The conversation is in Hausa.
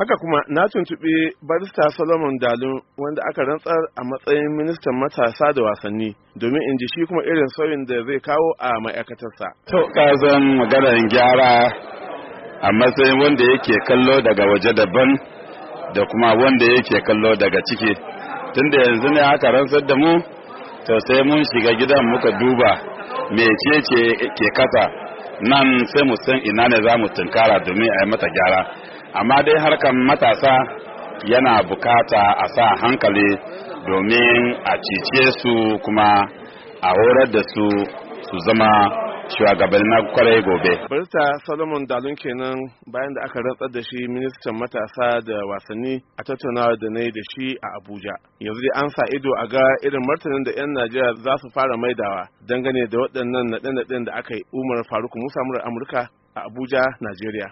haka kuma na tuntuɓi barista solomon dalun wanda aka rantsar a matsayin ministan matasa da wasanni domin in ji shi kuma irin sauyin da zai kawo a ma'aikatarsa to ƙazan maganar gyara a matsayin wanda yake kallo daga waje daban da kuma wanda yake kallo daga ciki tunda yanzu ne aka rantsar da mu to sai mun shiga gidan muka duba mecece ke kasa nan sai mu san ina ne za mu tunkara domin a yi mata gyara amma dai harkar matasa yana bukata a sa hankali domin a cice su kuma a horar da su su zama shugaban na kwarai gobe. Barista Solomon Dalun kenan bayan da aka rantsar da shi ministan matasa da wasanni a tattaunawa da na yi da shi a Abuja. Yanzu dai an sa ido a ga irin martanin da 'yan Najeriya za su fara maidawa dangane da waɗannan naɗe-naɗen da aka yi Umar Faruk Musa Amurka a Abuja, Najeriya.